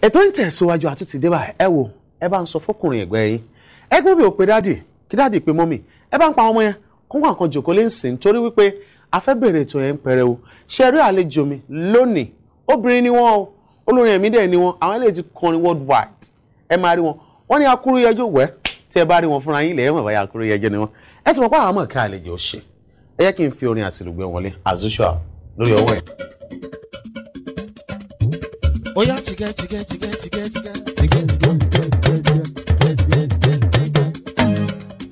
ètò ń tẹ̀síwájú àtúntì débà ẹ wò ẹ bá ń sọ fọkùnrin ẹ̀gbẹ́ yín ẹ gbọ́n bí o pe dáàdì kí dáàdì pe mọ́mì ẹ bá ń pa ọmọ yẹn kó wà kan jòkó lè ń sìn torí wípé a ètò yẹn ń pẹrẹ o ṣe rí àlejò mi lónìí obìnrin ni wọ́n o olórin ẹ̀mí dẹ̀ ni wọ́n àwọn eléyìí ti kọrin worldwide ẹ máa rí wọn wọ́n ní akúrú yẹjọ wẹ́ tí ẹ bá rí wọn fúnra yín lẹ́yìn mọ̀ báyà yẹjọ ni wọ́n ẹ ti mọ̀ pé àwọn mọ̀ ká àlejò ṣe ẹ yẹ kí n fi orin àtìlùgbẹ́ wọlé as usual lórí ọwọ́ ẹ̀. Oya yá tìgẹ́ tìgẹ́ tìgẹ́ tìgẹ́ tìgẹ́.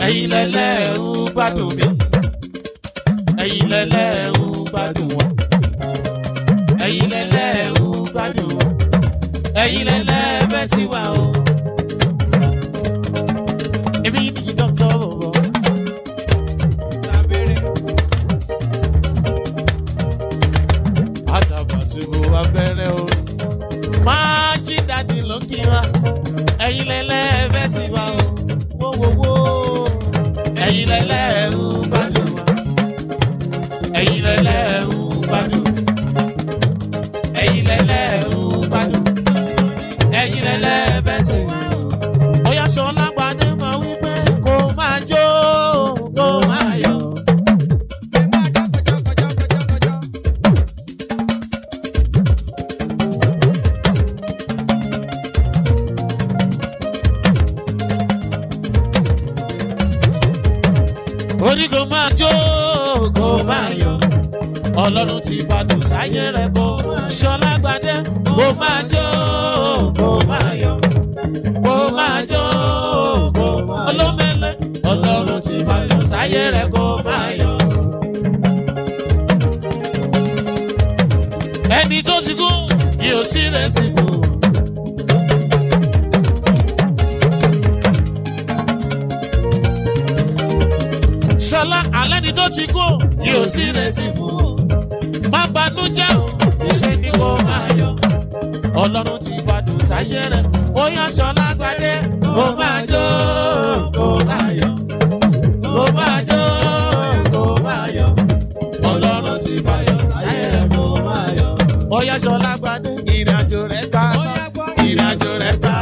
ẹ̀yin lẹ́lẹ́ gbádùn mi ẹ̀yin lẹ́lẹ́ ń gbádùn wọn ẹ̀yin lẹ́lẹ́ ń gbádùn wọn ẹ̀yin lẹ́lẹ́ ti wà o. ẹ̀yin lẹ́lẹ́ ẹ̀fẹ́ ti wá o wówówó ẹ̀yin lẹ́lẹ́ ẹ̀ bá lò wá ẹ̀yin lẹ́lẹ́ ẹ̀. ní kò máa jó kò máa yọ̀ ọlọ́run ti fàdùn sáyé rẹ̀ bọ̀ ṣọlá gbadé kò máa jó kò máa yọ̀ kò máa jó kò olómẹ́lẹ́ ọlọ́run ti fàdùn sáyé rẹ̀ kò máa yọ̀. ẹni tó ti kú mi ò sí rẹ̀ ti kú. ṣọlá alẹ́ ni tó ti kú mi ò sí retí fún o má banújẹ́ o ṣe ni wọ́n máa yọ ọlọ́run ti fàdùn sáyé rẹ̀ ó yá ṣọlá gbadé kó máa jó kó máa yọ kó máa jó kó máa yọ ọlọ́run ti fàdùn sáyé rẹ̀ kó máa yọ ó yá ṣọlá gbadé ìrìnàjò rẹ̀ gbà ìrìnàjò rẹ̀ gbà.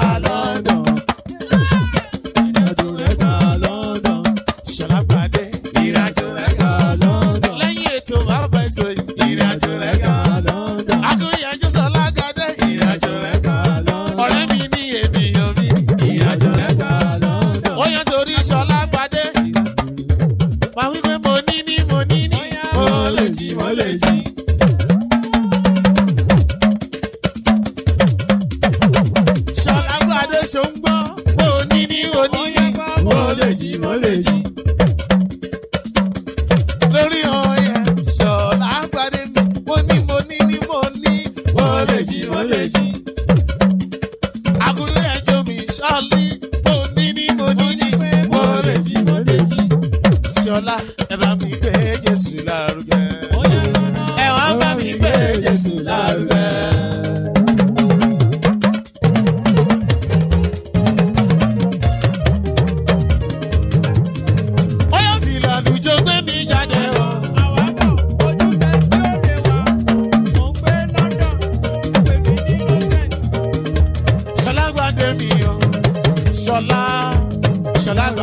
lè jí.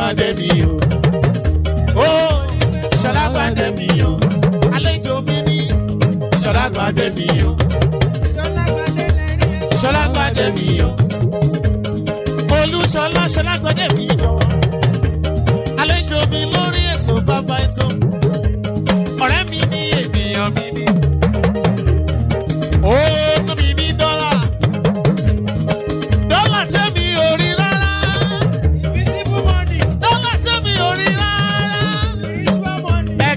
ṣàlágbàdé mi o. ó oh, ṣàlágbàdé mi o. àlejò mi ní ṣàlágbàdé mi o. ṣàlágbàdé mi o. olúṣọlá ṣàlágbàdé mi o. àlejò mi lórí ètò bàbá ètò.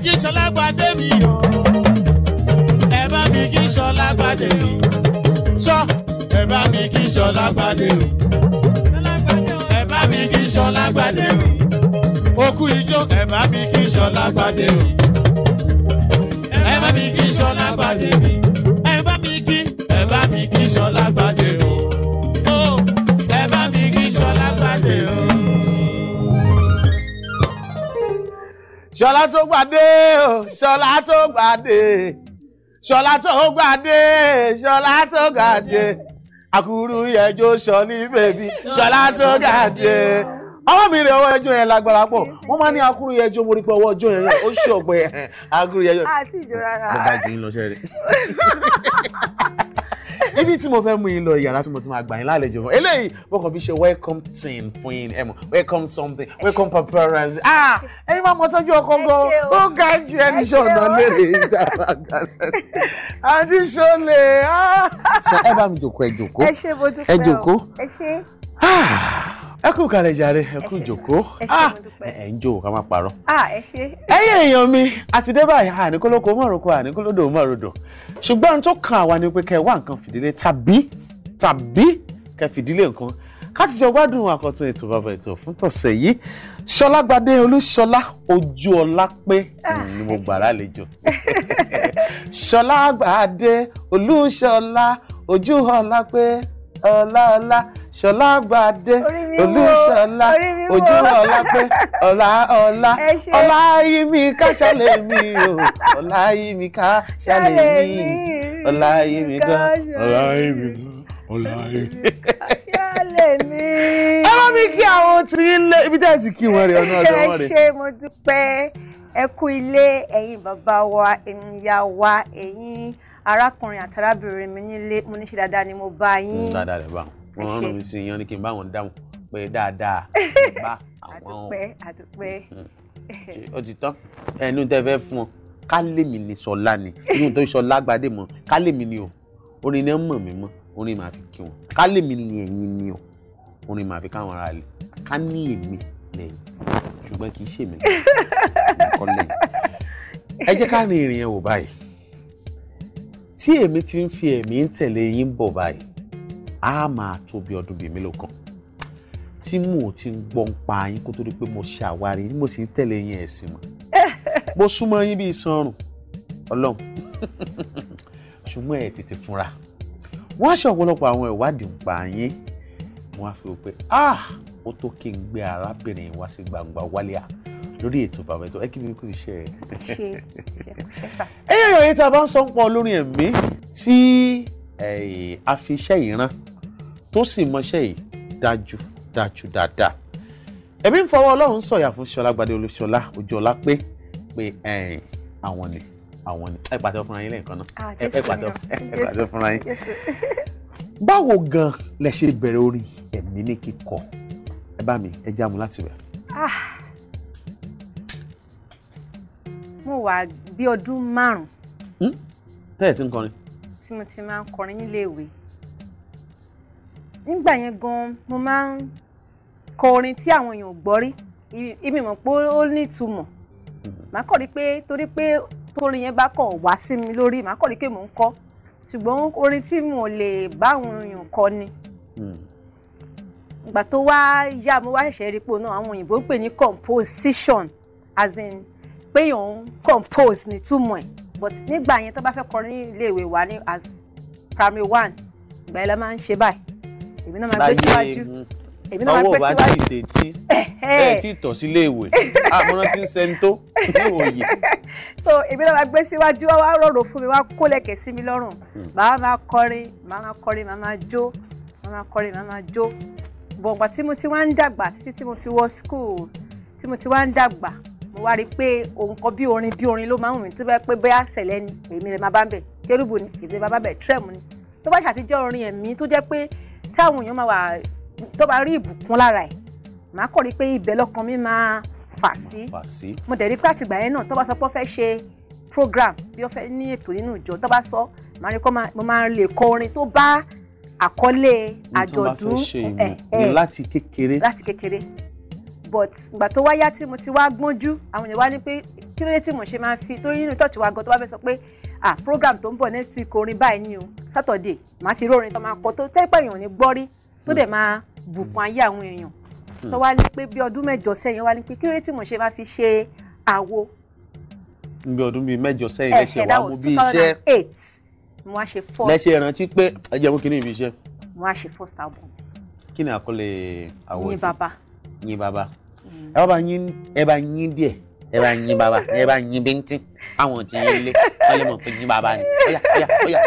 kí Ṣọlá gbadé mi o ẹ bá mi kí Ṣọlá gbadé mi ṣọ́ ẹ bá mi kí Ṣọlá gbadé mi ẹ bá mi kí Ṣọlá gbadé mi okú ijó ẹ bá mi kí Ṣọlá gbadé mi ẹ bá mi kí Ṣọlá gbadé mi ẹ bá mi kí ẹ bá mi kí Ṣọlá gbadé o ẹ bá mi kí Ṣọlá gbadé o. ṣọlá tó gbàdé o ṣọlá tó gbàdé ṣọlá tó gbàdé ṣọlá tó gbàdé àkúrú yẹjọ sọ ní bèbí ṣọlá tó gbàdé àwọn mi rè ọwọ́ ẹjọ́ yẹn lágbára pọ̀ wọ́n máa ní akúrú yẹn jó morí pé ọwọ́ ọjọ́ yẹn ó ṣe ọ̀pẹ akúrú yẹn. àti ìjọ rárá. mo bá jù lọ sẹ́rẹ̀. ebi tí mo fẹ́ mú yín lọ yàrá tí mo ti máa gbà yín lálejò fún eléyìí bọ́kàn fi ṣe welcome team fún yín ẹ mọ̀ welcome something welcome paparazzi ah ẹni máa mọ tọ́jú ọkọ gan ó ga ju ẹni ṣọ̀nà lérè ìta àti ṣọlẹ̀ ah. sọ ẹ bá mi jòkó ẹ jòkó ẹ ṣe bójú pẹ́ ọ ẹ jòkó ẹ ṣe ah, ẹ kú kalẹ̀ jàre ẹ kú ìjòkó ah, ẹ ń jò ká má parọ́. ẹyẹ èèyàn mi àtidébáyà àníkólókò mọ̀rọ̀kọ àníkólódò mọ̀rọ̀dò ṣùgbọ́n ohun tó kan àwa ni pé kẹ́ ẹ wá nǹkan fìdílé tàbí tàbí kẹ́ ẹ fìdílé nǹkan káti jọ gbádùn àkọ́tún ètò bàbá ètò fún tọ̀sẹ̀ yìí ṣọlágbadé olúṣọlá ojú ọlá pé ni mo gbà lálejò ṣọlágbadé olúṣọlá ojú ọlá pé ọlá ọlá ṣọlágbadé olùṣọlá ojú ọlápẹ ọlá ọlá ọlá yí mi ká ṣàlẹ̀ mi o ọlá yí mi ká ṣàlẹ̀ mi ọlá yí mi gan ọlá yí mi gan ọlá yí mi mi. ẹ mi kí àwọn tí ń lé ibi tẹ́ ẹ ti kí wọn rè ọ̀nà ọ̀dọ̀ wọn rè. ṣe mo dúpẹ́ ẹ kú ilé ẹ̀yin bàbá wa ẹ̀yin ìyá wa ẹ̀yin arákùnrin àtàrábìnrin mi nílé mo ní ṣe dáadáa ni mo bá yín. dáadáa rẹ bá wọn rán mi sí yan ni kí n bá wọn dáhùn pé dáadáa bá àwọn o mm-hmm. ó ti tán ẹnu tẹ fẹ́ fún ọ kálẹ̀mí ni sọlá ni inú tó sọlá gbadé mọ kálẹ̀mí ni o orin náà mọ̀ mí mọ́ orin màá fi kí wọn kálẹ̀mí ni ẹ̀yin ni o orin màá fi káwọn ará lè ká ní èmi lẹ́yìn ṣùgbọ́n kì í ṣèmi lọ́kọ́ lẹ́yìn ẹ jẹ́ ká rin ìrìn yẹn wò báyìí tí èmi ti ń fi ẹ̀mí ń tẹ̀lé yín bọ̀ báyìí á máa tó ọdún bíi mélòó kan tí mò ń ti gbọ́ ń pa yín kó tó di pé mo ṣàwárí yín mo sì ń tẹ̀lé yín ẹ̀sìn mọ́ mo súnmọ́ yín bíi sanrùn ọlọ́run ṣùgbọ́n ẹ̀ tètè fúnra wọ́n ṣe ọ̀pọ̀lọpọ̀ àwọn ìwádìí ń pa yín wọ́n á fi wò pé ah ó tó kí n gbé arábìnrin wá sí gbangba wálíà lórí ètò bàbá ètò ẹ kí mi kú iṣẹ́ ẹ. ẹyẹ ìròyìn tá a bá ń sọ ń pọ lórí ẹ̀mí tí a fi iṣẹ́ yìí rán tó sì mọṣẹ́ yìí dájú dájú dáadáa ẹ̀mí ń fọwọ́ ọlọ́run sọ̀yà fún ṣọlá gbadé olúṣọlá òjòlá pé pé ẹ̀yìn àwọn ni àwọn ni ẹ pàtẹ́wọ́ fúnra yín lẹ́ẹ̀kan náà ah, ẹ pàtẹ́wọ́ fúnra yín. báwo gan lẹ ṣe bẹ̀rẹ̀ orin ẹ̀mí ní kíkọ ẹ bá mi ẹ jáàmù láti bẹ̀rẹ̀. Ah. mo wà bí ọdún márùn-ún. tẹ́ẹ̀ hmm? tí ń kọrin. tí mo ti máa ń kọrin nílé ìwé nígbà yẹn gan mo máa ń kọ orin tí àwọn èèyàn ò gbọ́ rí ibi mọ̀ pé ó ní ìtumọ̀ màá kọ̀ rí pé torí pé torin yẹn bá kọ̀ wá sí mi lórí màá kọ̀ rí pé mò ń kọ ṣùgbọ́n orin tí mo lè bá àwọn èèyàn kọ ni hmm. ìgbà tó wá yá mo wá ṣẹ̀ṣẹ̀ rí pò náà àwọn òyìnbó ń pè ní composition as in pé yàn ń compose ní túmọ̀ ẹ̀ but nígbà yẹn tó bá fẹ́ kọrin ní iléèwé wa ní as primary one ìgbà yẹn la máa ń ṣe báyìí èmi náà máa gbé síwájú èmi náà máa gbé síwájú. ọwọ́ bá ti tè bẹ́ẹ̀ tí tọ̀ sílé ìwé àmọ́ná ti ń sẹ́ńtó ní òye. so èmi náà máa gbé síwájú wá wá rọrùn fún mi wá kólẹ̀kẹ̀ sí mi lọ́rùn hmm. màá máa kọrin màá máa kọrin màá máa jó màá máa kọrin màá máa jó bọ̀ǹgbà tí mo ti wá ń dàgbà títí tí mo fi wọ school tí mo ti wá ń dàgbà mo wá rí i pé òun kan bí orin bí orin ló máa ń wù mí tó bá pé bóyá sẹ̀lẹ̀ ni èmi lè máa bá ń bẹ̀ kérúbù ni èmi lè máa bá bẹ̀ trẹ́mù ni tó bá ṣàtijọ́ orin ẹ̀mí tó jẹ́ pé káwọn èèyàn máa wà tó bá rí ìbùkún lára ẹ̀ màá kọ̀ rí pé ibẹ̀ lọ́kàn mi máa fà sí mo dẹ̀ rí pé àtìgbà yẹn náà tó bá sọ pé ó fẹ́ ṣe program bí ó fẹ́ ní ètò nínú ìjọ tó bá sọ màá rí kọ́ mo máa lè kọ orin tó bá àkọlé àjọ̀dún ẹ̀ ẹ̀ láti kékeré but ìgbà tó wáyá tí mo ti wá gbọ́njú àwọn èèyàn wá ní pé kí ló dé tí mo ṣe máa ń fi torí nínú church wa gan tó wá fẹ́ sọ pé ah program tó ń bọ̀ next week orin báyìí ni o Saturday màá ti rórin tó máa kọ tó tẹ́ pẹ̀yàn ní gbọ́rí tó dẹ̀ máa bùkún ayé àwọn èèyàn tó wá ní pé bí ọdún mẹ́jọ sẹ́yìn wá ní pé kí ló dé tí mo ṣe máa fi ṣe àwo. bí ọdún bíi mẹ́jọ sẹ́yìn lẹ́sẹ̀ wá mú bí iṣẹ́ mo wá ṣe first lẹ́sẹ̀ ìrántí pé ẹ jẹ́ mú kí ni ibi iṣẹ́. mo wá ṣe first album. kí ni àkọlé àwo yìí. ní bàbá yín mm. Baba, ẹ bá yín ẹ bá yín díẹ̀ ẹ bá yín bàbá ẹ bá yín bíntín àwọn tí yín lé wọn lè mọ̀ pé yín bàbá ni óyá óyá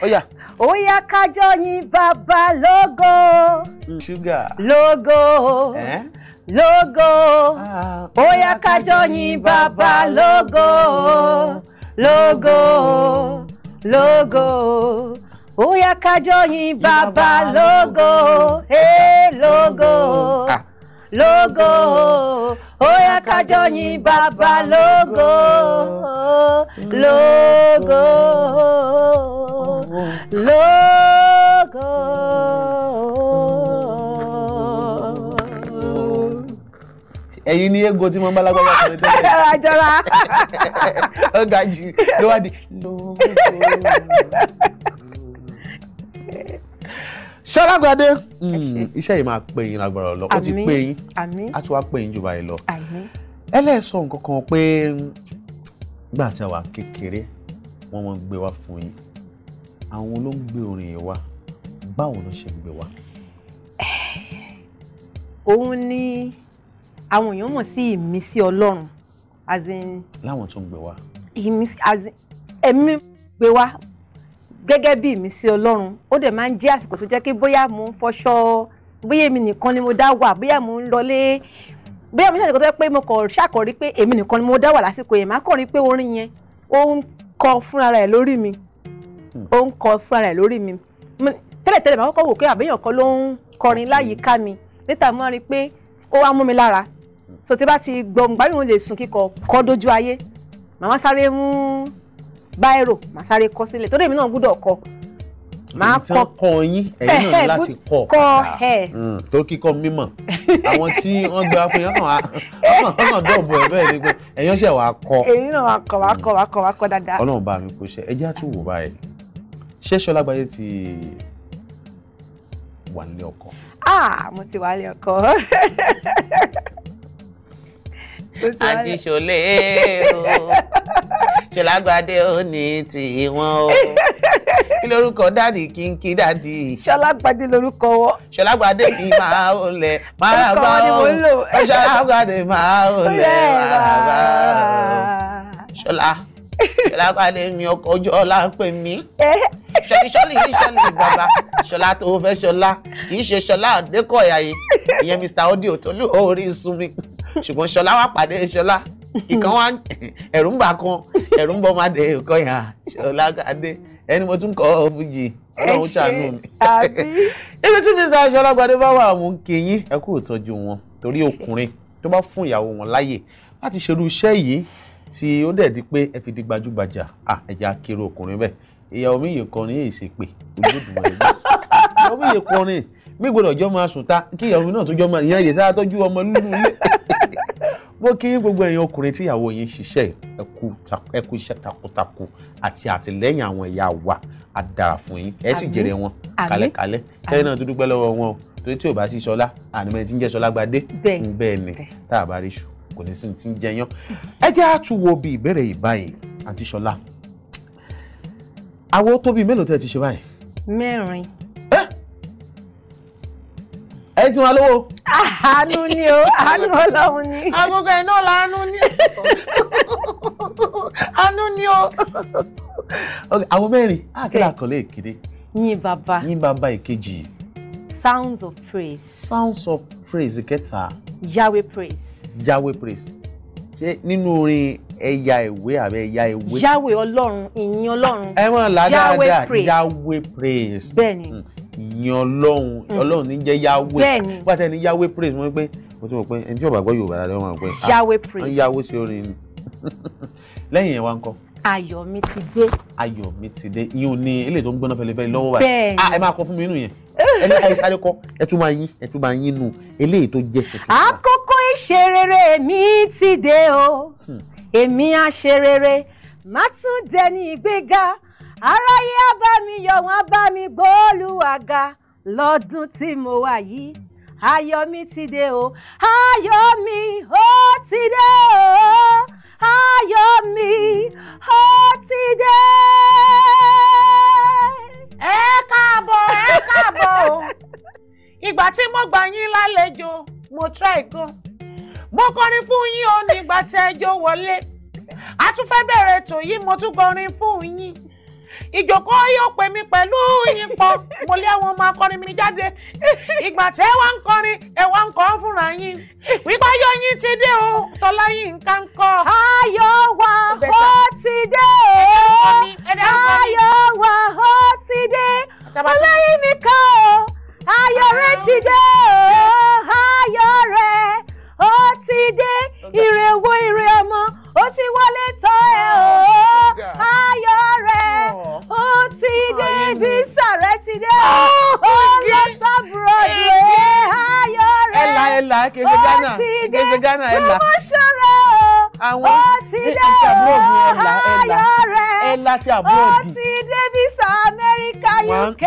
óyá óyá. óyá kájọ yín bàbá lógo. Hmm, ṣúgà. lógo. lógo. Ah, óyá kájọ yín bàbá lógo. lógo. lógo. óyá kájọ yín bàbá lógo. lógo. Ah, Logo, ó yá kájọ yìn logo, logo. lógo lógo. ẹ̀yin ni ego tí mo ń bá lágbára sọ̀rọ̀ tẹ́lẹ̀. jọra jọra. ó ga jù ló wá ṣọlágbàdé hmm, iṣẹ́ yìí máa pè yín lágbára lọ ó ti pè yín á ti wá pè yín jù báyìí lọ ẹlẹ́sọ̀ nǹkan kan pé gbà tí a wà kékeré wọ́n máa ń gbé wá fún yín àwọn ló ń gbé orin yìí wá báwo ló ṣe ń gbé wá. òun ni àwọn èèyàn mọ̀ sí ìmísí ọlọ́run as in. láwọn tó ń gbé wá. ìmísí as in ẹ̀mí gbé wá gẹ́gẹ́ bí mi sí ọlọ́run ó dẹ̀ máa ń jẹ́ àsìkò tó jẹ́ pé bóyá mo ń fọṣọ bóyá èmi nìkan ni mo dá wà bóyá mo ń lọlé bóyá mo ṣàṣekọ̀ tó yẹ pé mo kọ̀ ṣàkọ̀rí pé èmi nìkan ni mo dá wà lásìkò yẹn má kàn rí pé orin yẹn ó ń kọ fúnra rẹ̀ lórí mi hmm. ó ń kọ fúnra rẹ̀ lórí mi tẹ́lẹ̀tẹ́lẹ̀ máa kọ́kọ́ wò pé àbẹ́yàn kan ló ń kọrin láyìíká mi níta mo rí pé ó wá mú mi lára so tí bá ti gbọ́ gbàgbé mo lè sùn kíkọ kọ́ dójú ayé báírò màá sáré kọ sílẹ̀ torí èmi náà gbúdọ̀ kọ máa kọ kọ yín ẹ̀yin náà láti kọ kọ ah. ẹ mm, tó kíkọ mímọ̀ àwọn tí wọ́n gbé wá fún yín ọkàn ọkàn dọ̀bọ̀ ẹ bẹ́ẹ̀ ni pé ẹ̀yin ṣe wàá kọ ẹ̀yin náà wàá kọ wàá kọ wàá kọ wàá kọ dáadáa. Ọlọ́run bá mi kó ṣe ẹjẹ àtúwò báyìí ṣé Ṣọlágbáyé ti wà nílé ọkọ. ah mo ti wà nílé ọkọ. àǹtí ṣọlẹ́ o ṣọlágbádé ó ní tiwọn o kí lórúkọ dáàdì kínkí dáàdì. ṣọlágbádé lórúkọ wọn. ṣọlágbádé mi máa ń lẹ máa bá ọ ṣọlágbádé máa ń lẹ máa bá ọ ṣọlá ṣọlágbádé mi ọkọ ojú ọlá ń pè mí ṣọlí ṣọlí yìí ṣọlí bàbá ṣọlá tó fẹ́ ṣọlá kì í ṣe ṣọlá àdékọ̀ọ́yà yìí ìyẹn Mr. Audio Tolú orí sunmi ṣùgbọ́n ṣọlá wà pàdé ṣọlá ìkan wá ẹ̀rù ń bà kan ẹ̀rù ń bọ́ máa dé ìkọ́ yẹn Ṣọlágadé ẹni mo tún kọ́ ọ fújì ọlọ́run ṣàánú mi. ibi tí Mr. Ṣọlágadé bá wà mú kí yín ẹ kú ìtọ́jú wọn torí ọkùnrin tó bá fún ìyàwó wọn láyè láti ṣerú iṣẹ́ yìí tí ó dẹ̀ di pé ẹ fi di gbajúgbajà ẹ̀jẹ̀ akérò ọkùnrin bẹ́ẹ̀ ìyàwó mi yìí kọrin èyí ṣe pé olódùmarè mi ìyàwó mi yìí kọrin mi gbọ́dọ̀ jọ́ máa sùn ta kí ìyàwó mi náà tó jọ́ máa ìyá yìí sáà tọ́jú ọmọ lúlú ilé mo kí gbogbo ẹ̀yin ọkùnrin tí ìyàwó yín ṣiṣẹ́ ẹkú iṣẹ́ takuntakun àti àtìlẹ́yìn àwọn ìyá wa á dára fún yín ẹ sì jèrè wọn kálẹ̀kálẹ̀ kẹ́yìn náà tó dúpẹ́ lọ́wọ́ wọn o torí tí ò bá sí Ṣọlá ànímọ́ ẹ ti ń jẹ́ Ṣọlá Gbadé bẹ́ẹ̀ ni tá a bá rí ṣù kò ní sí ti ń jẹyán ẹ jẹ́ àtúwò bí ìbéèrè ìbáyìí àǹtí Ṣọlá àwo tó bíi mélòó tẹ́ ti ṣe báyìí. mẹ́rin ayé tí wọn lówó. àánú ni o àánú ọlọ́run ni. agogo ẹ̀ la làánú ni àánú ni o. àwọn mẹ́rin àkìlà àkọlé ìkéde. yín bàbá yín bàbá ìkejì. sounds of praise. sounds of praise ìkẹta. yahweh praise. yahweh praise ṣé nínú orin ẹ̀yà ìwé àbẹ̀ ẹ̀yà ìwé. yahweh ọlọ́run ìyìn ọlọ́run. ẹ mọ̀ ládàá yahweh praise. bẹ́ẹ̀ ni. Hmm yin ọlọ́run hmm. ọlọ́run ní jẹ́ yahweh bẹ́ẹ̀ni wọ́n àti ẹni yahweh praise wọ́n pé mo ti mọ̀ pé ẹni tí yóò bá gbọ́ yorùbá dáadáa wọ́n pé ah, yahweh praise wọ́n yahweh sí orin ni lẹ́yìn yẹn wá ń kọ́. ayọ̀ mi ti dé. ayọ̀ mi ti dé yín ní ilé tó ń gbóná fẹlifẹli lọ́wọ́ wa bẹ́ẹ̀ni ah, ẹ máa kọ fún mi nù yẹn ẹ ní ayé sáré kọ ẹ tún máa yín ẹ tún máa yín nù eléyìí tó jẹ tuntun. àkókò ìṣerere mi ti dé o hmm. èmi àṣerere má tún dẹni ìgbéga aráyé á bá mi yọ̀ wọ́n bá mi gbóòlùwàga lọ́dún tí mo wà yìí ayọ̀ mi ti dé o ayọ̀ mi ó ti dé o ayọ̀ mi ó ti dé. ẹ káàbọ̀ ẹ káàbọ̀ o ìgbà tí mo gbà yín lálejò mo try go mo kọrin fún yín o nígbà tí ẹjọ́ wọlé a tún fẹ́ bẹ̀rẹ̀ ètò mo tún kọrin fún ìjòkó yóò pè mí pẹ̀lú yín pọ̀ mo lé àwọn ọmọ akọrin mi jáde ìgbà tẹ́ wá ń kọrin ẹ̀ wá ń kọ́ fúnra yín wípé ayọ̀ yín ti dé o tọ́lá yín nǹkan kọ́. ayọ̀ wa ó ti dé ayọ̀ wa ó ti dé tọ́lá yín nìkan o ayọ̀ rẹ ti dé ayọ̀ rẹ ó ti dé ire wo ọmọ ó ti wọlé t kìí ṣe Ghana kìí ṣe Ghana ẹ̀ là àwọn àbúrò mi ẹ̀ là ẹ̀ là ẹ̀ àbúrò mi. ó ti davis America UK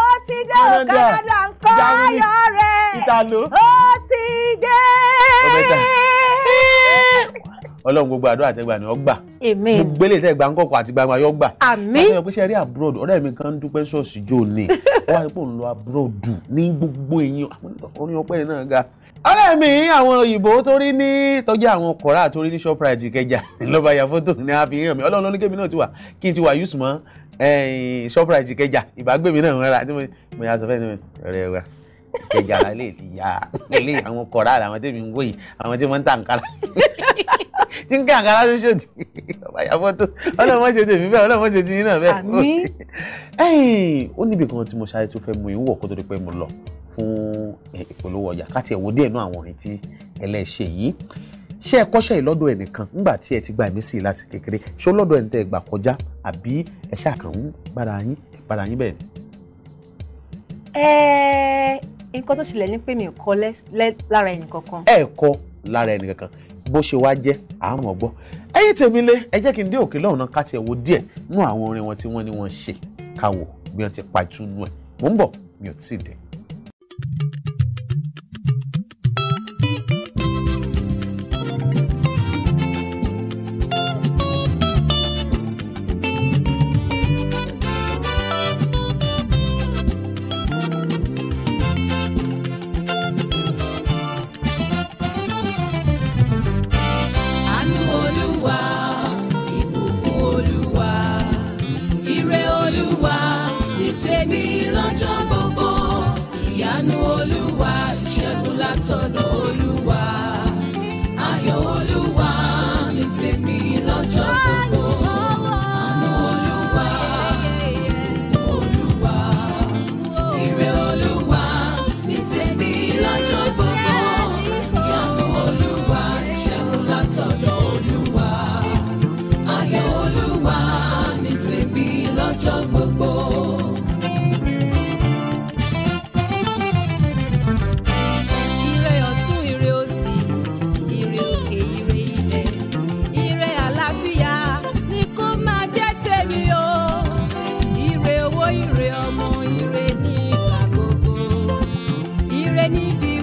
ó ti dé Canada nǹkan ayọ̀ rẹ̀ ó ti dé ọlọ́run gbogbo àdúrà àtẹgbà ni ó gbà gbogbo eléyìí tẹ́ gbà ń kọ̀kọ̀ àti gbangba yóò gbà àmín àtẹ̀yọ̀ pé rí abroad ọ̀rẹ́ mi kan dúpẹ́ ṣọ́ọ̀ṣì jò ní wọ́n á rí pò ń lọ abroad ní gbogbo èèyàn orin ọpẹ́ náà ga ọ̀rẹ́ mi àwọn òyìnbó tó rí ní tọ́jú àwọn kọ̀rá tó rí ní shoprite kẹjà lọ́ba ya fọ́tò ní àfi hàn mí ọlọ́run ló ní kémi náà ti wà kí ìkẹjà ilé ti yá ilé àwọn kọ̀ọ̀rá àwọn tèmi ń wò yìí àwọn tí wọ́n ń tà nkàrà tí ń ká nkàrà ṣoṣo di ọba yàgbọ́ tó ọlọ́mọ ṣe tèmi bẹ́ẹ̀ ọlọ́mọ ṣe tèmi náà bẹ́ẹ̀. ó níbi kan tí mo ṣáré tó fẹ́ mu ìwọ̀ kó tó di pé mo lọ fún ìpolówó ọjà káti ẹ̀wò díẹ̀ náà àwọn orin tí ẹlẹ́ṣẹ̀ yìí ṣé ẹ kọ́ṣẹ́ yìí lọ́dọ̀ ẹnìkan nígbà tí ẹ ti gba ẹ̀mí sí i láti kékeré ṣó lọ́dọ̀ ẹni tẹ́ gbà kọjá àbí ẹ ṣàkàn gbára yín gbára yín bẹ́ẹ̀ ni. ẹ nǹkan tó ṣẹlẹ̀ ní pé mi ò kọ́ lára ẹnì kankan. ẹ kọ lára ẹnì kankan bó ṣe wá jẹ́ àmọ́ gbọ́ ẹ̀yin tèmi lé ẹ jẹ́ kí n dé òkè lọ́hùn náà ká tiẹ̀ wo díẹ̀ nú àwọn orin wọn tí wọ́n ní wọ́n ṣe káwò bí wọ́n ti pa ìtúnú ẹ̀ mò ń bọ̀ mi ò tí ì dé. àánú olúwa ìṣẹ́gun látọ̀dọ̀ olúwa. 爱你。